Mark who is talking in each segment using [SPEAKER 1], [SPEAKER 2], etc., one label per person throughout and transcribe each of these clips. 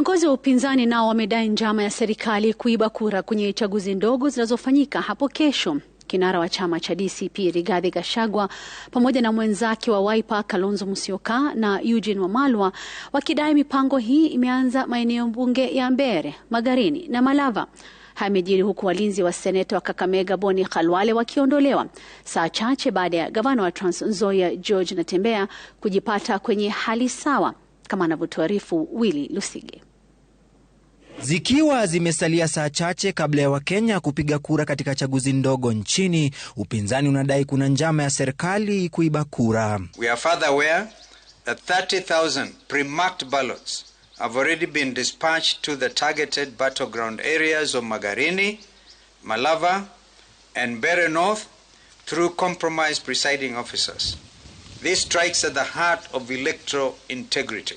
[SPEAKER 1] Viongozi wa upinzani nao wamedai njama ya serikali kuiba kura kwenye chaguzi ndogo zinazofanyika hapo kesho. Kinara wa chama cha DCP Rigathi Gachagua pamoja na mwenzake wa Wiper Kalonzo Musyoka na Eugene Wamalwa wakidai mipango hii imeanza maeneo bunge ya Mbeere, Magarini na Malava. Hamejiri huku walinzi wa seneta wa Kakamega Boni Khalwale wakiondolewa saa chache baada ya gavana wa Trans Nzoia George Natembeya kujipata kwenye hali sawa, kama anavyotuarifu Willy Lusige.
[SPEAKER 2] Zikiwa zimesalia saa chache kabla ya Wakenya kupiga kura katika chaguzi ndogo nchini, upinzani unadai kuna njama ya serikali kuiba kura.
[SPEAKER 3] We are further aware that 30,000 pre-marked ballots have already been dispatched to the targeted battleground areas of Magarini, Malava and Bere North through compromised presiding officers. This strikes at the heart of electoral integrity.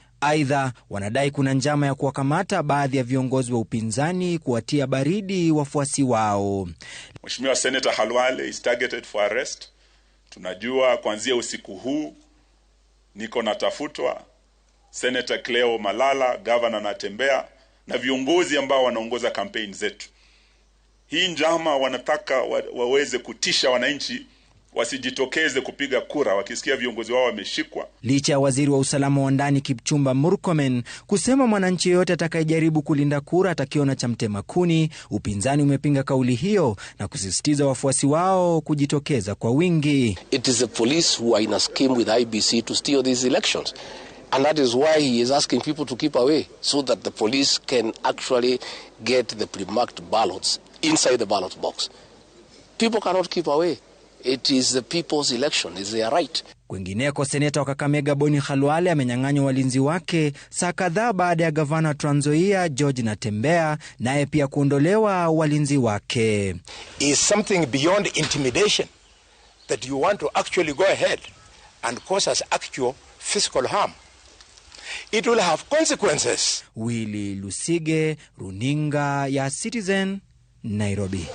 [SPEAKER 2] Aidha, wanadai kuna njama ya kuwakamata baadhi ya viongozi wa upinzani kuwatia baridi wafuasi wao.
[SPEAKER 4] Mheshimiwa Seneta Halwale is targeted for arrest. Tunajua kuanzia usiku huu niko natafutwa. Seneta Cleo Malala, gavana Natembea na viongozi ambao wanaongoza kampeni zetu. Hii njama wanataka wa, waweze kutisha wananchi wasijitokeze kupiga kura wakisikia viongozi wao wameshikwa.
[SPEAKER 2] Licha ya waziri wa usalama wa ndani Kipchumba Murkomen kusema mwananchi yeyote atakayejaribu kulinda kura atakiona cha mtema kuni, upinzani umepinga kauli hiyo na kusisitiza wafuasi wao kujitokeza kwa wingi.
[SPEAKER 5] It is the police who are in a scheme with IBC to steal these elections. And that is why he is asking people to keep away so that the police can actually get the pre-marked ballots inside the ballot box. People cannot keep away. It is the people's election, is their right.
[SPEAKER 2] Kwingineko, seneta wa Kakamega Boni Khalwale amenyang'anywa walinzi wake saa kadhaa baada ya gavana Trans Nzoia George Natembeya naye pia kuondolewa walinzi wake.
[SPEAKER 6] Is something beyond intimidation that you want to actually go ahead and cause us actual physical harm. It will have consequences.
[SPEAKER 2] Willy Lusige, Runinga ya Citizen, Nairobi.